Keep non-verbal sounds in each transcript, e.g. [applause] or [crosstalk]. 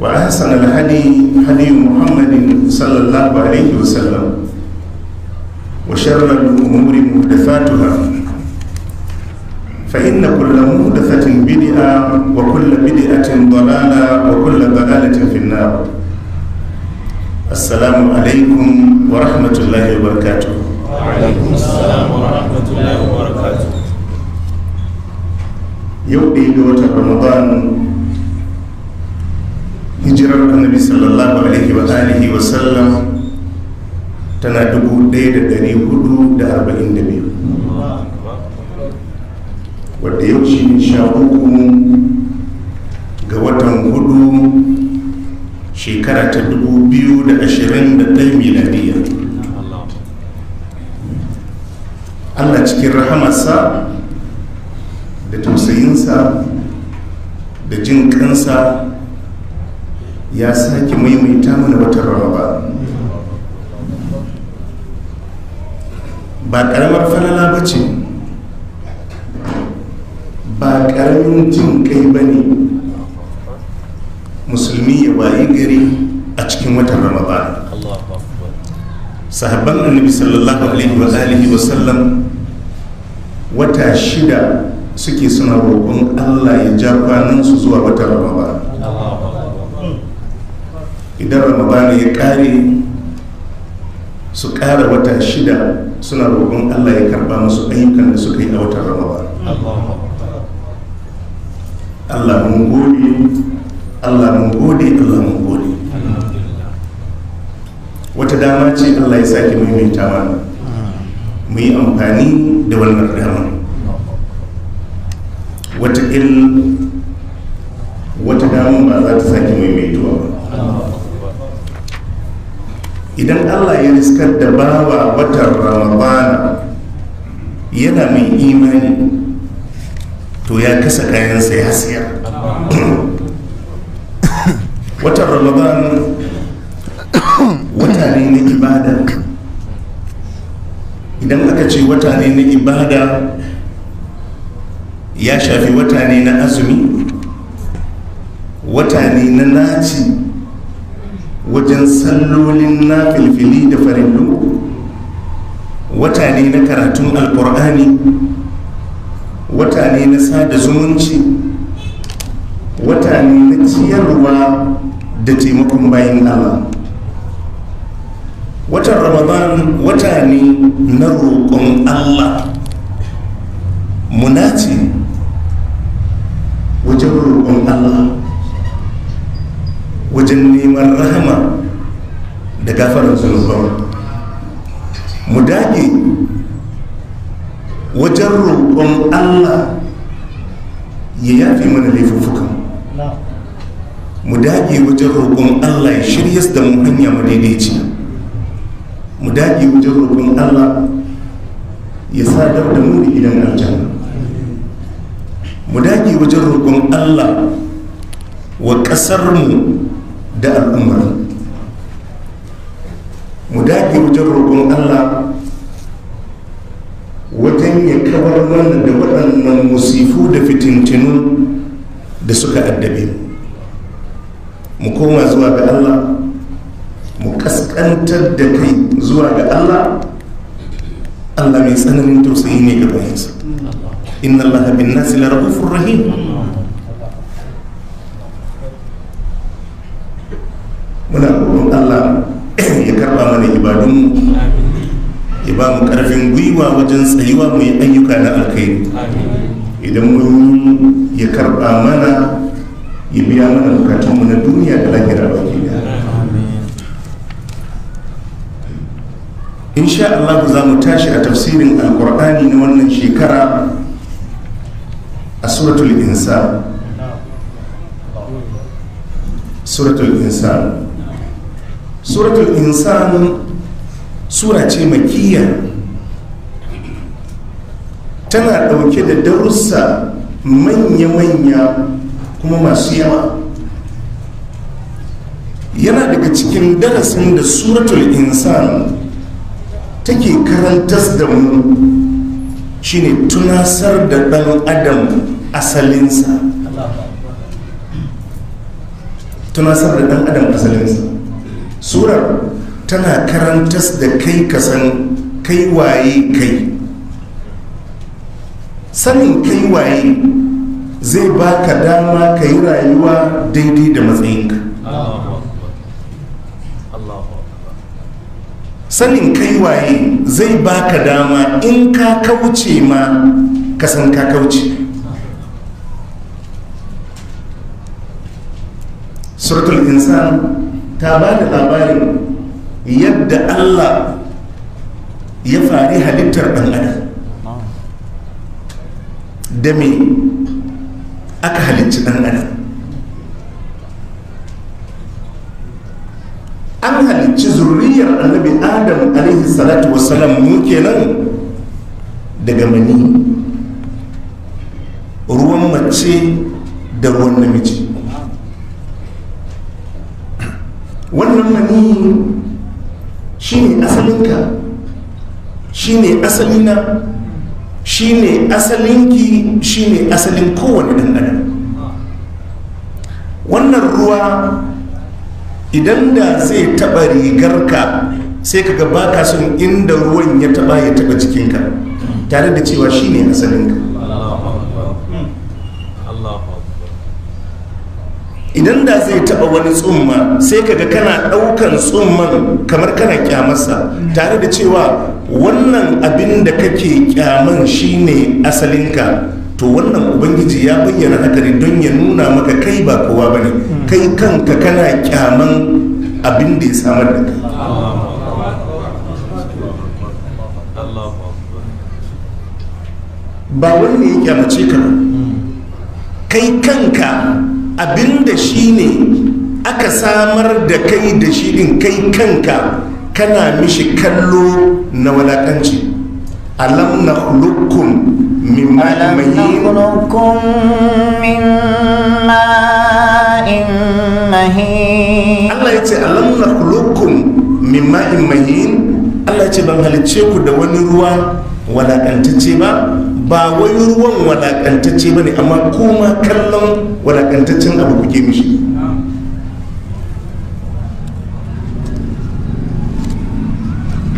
وأحسن الهدي هدي محمد صلى الله عليه وسلم وشر الأمور محدثاتها فإن كل محدثة بدعة وكل بدعة ضلالة وكل ضلالة في النار السلام عليكم ورحمة الله وبركاته وعليكم السلام ورحمة الله وبركاته يوم رمضان annabi sallallahu alaihi wa alihi wa sallam tana 1442 wadda yau shi ne sha uku ga watan hudu shekara ta 2021 miladiya allah cikin rahamarsa da tausayinsa da jin kansa ya sake maimaita mana wata ramadan ba karamar falala ba ce ba karamin jin kai ba ne musulmi ya waye gari a cikin watan ramadan sahabban annabi sallallahu alaihi wa alihi wa sallam wata shida suke suna roƙon allah ya ja su zuwa watan ba. idan ramadana ya kare su kara wata shida suna roƙon allah ya karba musu ayyukan da suka yi a watan ramadana allah mun gode allah mun gode allah mun gode wata dama ce allah ya sake maimaita mana mu yi amfani da wannan dama wata idan allah ya riskar da bawa watan ramadana yana mai imani to ya kasa kayansa ya siya [coughs] watan ramadana wata ne na ibada idan aka ce wata ne na ibada ya shafi wata ne na azumi wata ne na naci wajen sallolin na filfili da farillu wata ne na karatun alkur'ani wata ne na sada zumunci wata ne na ciyarwa da taimakon bayan allah watan ramadan wata ne na roƙon allah ce wajen roƙon allah neman rahama da gafarar zunuban mu dage wajen roƙon allah ya yafi mana laifuka mu dage wajen roƙon allah ya shirya da mu hanya daidaici mu dage wajen roƙon allah ya sadar da mu da gidan aljanna mu dage wajen roƙon allah wa ƙasar mu. da al'ummar mu dage wajen roƙon allah wajen ya kawar mana da waɗannan musifu da fitintinu da suka addabe mu koma zuwa ga allah mu kaskantar da kai zuwa ga allah allah mai tsananin tausayi ne ga bayansa inna allaha bin nasi la rahim allah ya karba mana ibadunmu ya ba mu karfin gwiwa wajen tsayuwa mu ayyuka na alkhairi idan mu ya karba mana ya biya mana bukatunmu na duniya da lahira ke da insha Allah za mu tashi a tafsirin alkur'ani na wannan shekara a suratul insa suratul insa suratul insan sura ce makiyya tana dauke da darussa manya-manya kuma masu yawa yana daga cikin darasin da suratul insan take karantar da mu shine tunasar da dan adam asalinsa tunasar da ɗan adam asalinsa surar tana karantas da kai kasan kai waye kai sanin kai waye zai baka dama ka yi rayuwa daidai da matsayinka sanin kai waye zai baka dama in ka kauce ma kasan ka kauce suratul insan ta ba da labarin yadda allah ya fari halittar ɗan adam da me aka halicci ɗan adam an halicci zurriyar annabi adam alaihi salatu wasalam mu kenan daga mani ruwan mace da ruwan namiji ni shi ne asalinka shi ne asalina shi ne asalinki shi ne asalin kowane ɗanɗana wannan ruwa idan da zai taɓa rigarka sai ka gaba ka son inda ruwan ya taɓa ya taɓa jikinka tare da cewa shi ne asalinka idan da zai taba wani tsumma sai kaga kana daukan tsumman kamar kana kyamarsa tare da cewa wannan abin da kake kyaman shine asalinka to wannan ubangiji ya bayyana hakari don ya nuna maka kai ba kowa ne kai kanka kana kyaman abin da ya samar da kai ba wani ne ya kyamace ka kai kanka abinda shi ne aka samar da kai da shi din kai kanka kana mishi kallo na walakanci alam na hulukun min alam na hulukun mahin Allah ya ce ban halicce ku da wani ruwa walakantacce ba ba wai ruwan walakantacce ba ne amma kuma kallon walakantaccen abu kuke mishi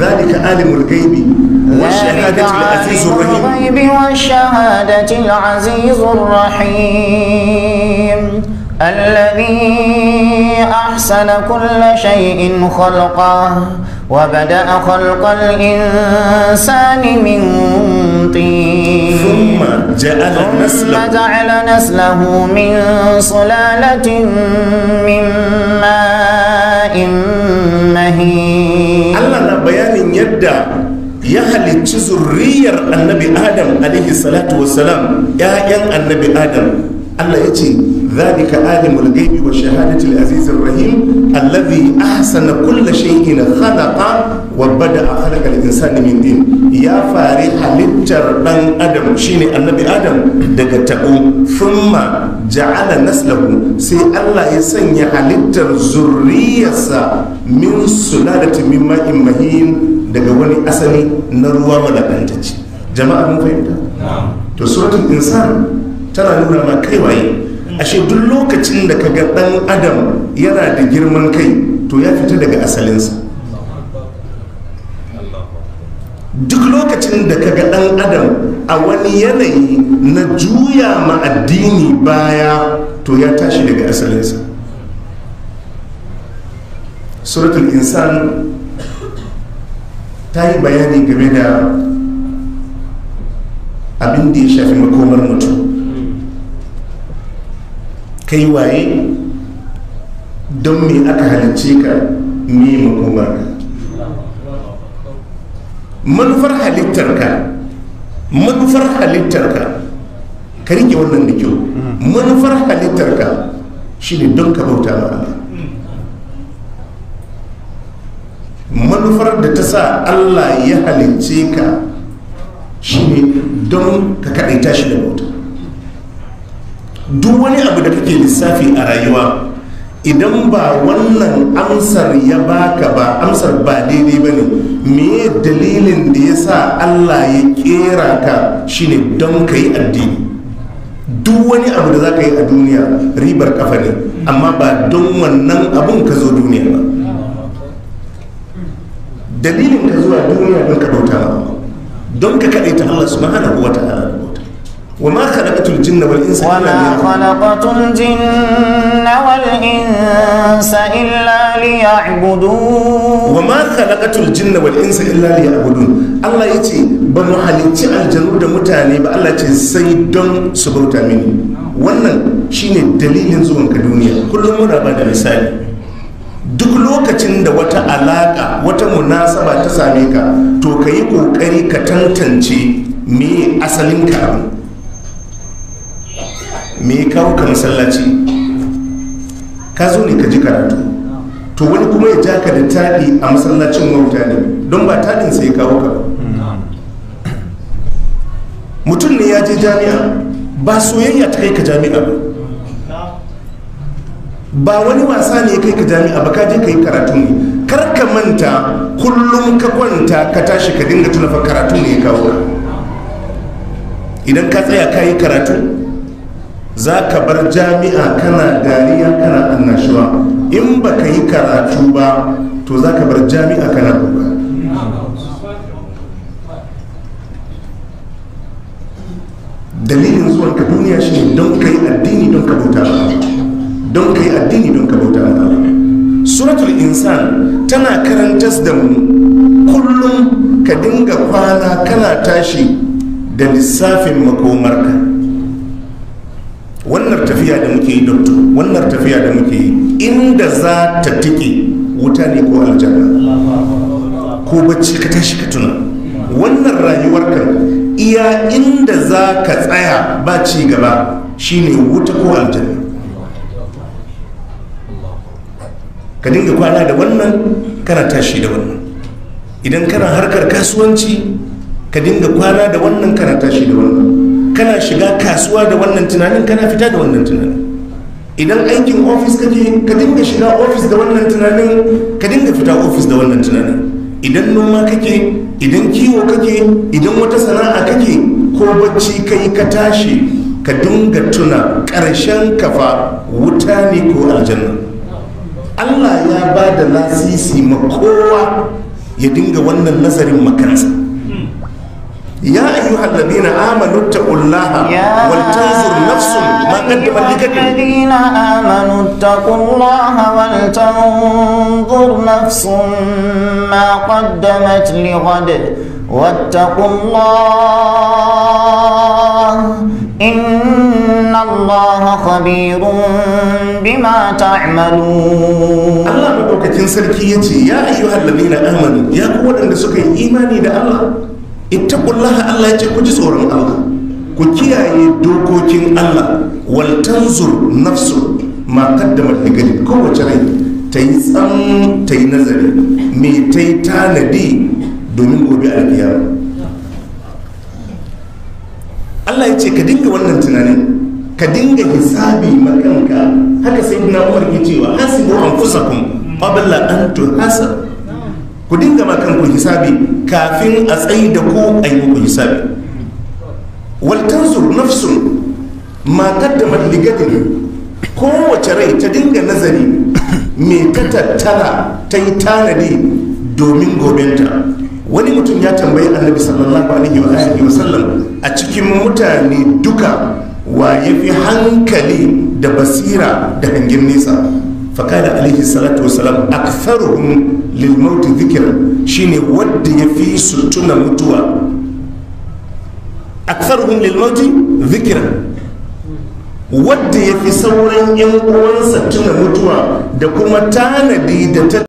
ذلك عالم الغيب والشهادة العزيز الرحيم الغيب والشهادة العزيز الرحيم الذي أحسن كل شيء خلقه وبدأ خلق الإنسان من طين ثم جعل نسله ثم جعل نسله من صلالة من ماء مهين الله بيان يدى ya halicci zurriyar annabi adam alaihi 'ya'yan annabi adam allah ya ce ذلك عالم الغيب والشهادة العزيز rahim الذي أحسن كل شيء خلق وبدأ خلق الإنسان من دين ya فاري halittar ɗan adam shine annabi adam daga taɓo thumma ja'ala naslahu sai Allah ya sanya halittar zurriyarsa min sulalatin min ma'in mahin daga wani asali na ruwa malakantacce jama'a mun fahimta to suratul insan tana nuna ma kai waye ashe duk lokacin da kaga dan adam yana da girman kai to ya fita daga asalinsa duk lokacin da kaga dan adam a wani yanayi na juya ma addini baya to ya tashi daga asalinsa suratul insan ta yi bayani game da abin da ya shafi makomar mutum kai waye don me aka halicce ka ni makomar ka manufar halittarka manufar halittarka ka rike wannan da kyau manufar halittarka ne don ka bauta ma Allah manufar da ta sa Allah ya halicce ka ne don ka kaɗaita shi da bauta duk wani abu da kake lissafi a rayuwa idan ba wannan amsar ya baka ba amsar ba daidai ba ne me dalilin da ya sa allah ya kera ka shine don ka yi addini duk wani abu da za ka yi a duniya ribar kafa ne amma ba don wannan abun ka zo duniya ba dalilin ka zuwa duniya don ka bauta don ka kaɗaita allah subhanahu wa ta'ala وما خلقت الجن والإنس وما خلقت الجن والإنس إلا ليعبدون وما خلقت الجن والإنس إلا ليعبدون الله يتي بنو حليتي الجنود da بألا ba Allah ce sai don su bauta mini wannan shine dalilin zuwan ka duniya duk lokacin da wata alaka wata munasaba ta same ka to ka yi kokari ka tantance me asalin ka me ya kawo ka masallaci ka zo ne ka ji karatu to wani kuma ya ja ka da taɗi a masallacin wauta ne don ba taɗin sai ya kawo ka mutum ne ya je jami'a ba soyayya ta kai ka jami'a ba ba wani wasa ne ya kai ka jami'a ba ka je ka yi karatu ne kar ka manta kullum ka kwanta ka tashi ka dinga tunafa karatu ne ya kawo ka idan ka tsaya ka yi karatu za ka bar jami'a kana dariya kana annashuwa in ba ka yi karatu ba to za ka bar jami'a kana kuka dalilin zuwan ka duniya shi ne don ka yi addini don ka bauta don ka yi addini don ka bauta suratul insan tana karantas da mu kullum ka dinga kwana kana tashi da lissafin makomarka wannan tafiya da muke yi doctor wannan tafiya da muke yi inda za ta tike wuta ne ko aljanna ko bacci ka tashi ka tuna wannan rayuwar kan iya inda za ka tsaya ba ci gaba shine wuta ko aljanna ka dinga kwana da wannan kana tashi da wannan idan kana harkar kasuwanci ka dinga kwana da wannan kana tashi da wannan kana shiga kasuwa da wannan tunanin kana fita da wannan tunanin idan aikin ofis ka ke ka dinga shiga ofis da wannan tunanin ka dinga fita ofis da wannan tunanin idan noma kake idan kiwo kake idan wata sana'a kake ko bacci kai ka tashi ka dinga tuna karshen kafa wuta ne ko aljanna allah ya ba da lasisi ma kowa ya dinga wannan nazarin makansa يا أيها الذين آمنوا اتقوا الله ولتنظر نفس ما قدمت لغد يا الذين آمنوا اتقوا الله ولتنظر نفس ما قدمت لغد واتقوا الله إن الله خبير بما تعملون الله مدوكتين سركيتي يا أيها الذين آمنوا يا قوة أن سكين إيماني ده ittaqullaha Allah ya ce ku ji tsoron Allah ku kiyaye dokokin Allah wal tanzur nafsu ma qaddamat ko kowace rai ta yi tsan ta yi nazari me ta yi tanadi domin gobe alkiyama Allah ya ce ka dinga wannan tunanin ka dinga hisabi makanka haka sai na umar ke cewa hasibu kun qabla an hasar. ku dinga ma kanku hisabi kafin a tsayi da ku a yi muku hisabi waltanzur nafsun ma da ligadin kowace rai ta dinga nazari me ta tattara ta yi tanadi domin gobenta wani mutum ya tambayi annabi sallallahu alaihi wa alihi wa sallam a cikin mutane duka wa ya fi hankali da basira da hangen nesa fakada alaihi salatu wa salam aktharuhum lilmauti zikir shine wadda ya fi su tuna mutuwa aksaruhum lilmauti zikir wadda ya fi sauran yan uwansa tuna mutuwa da kuma tanadi da ta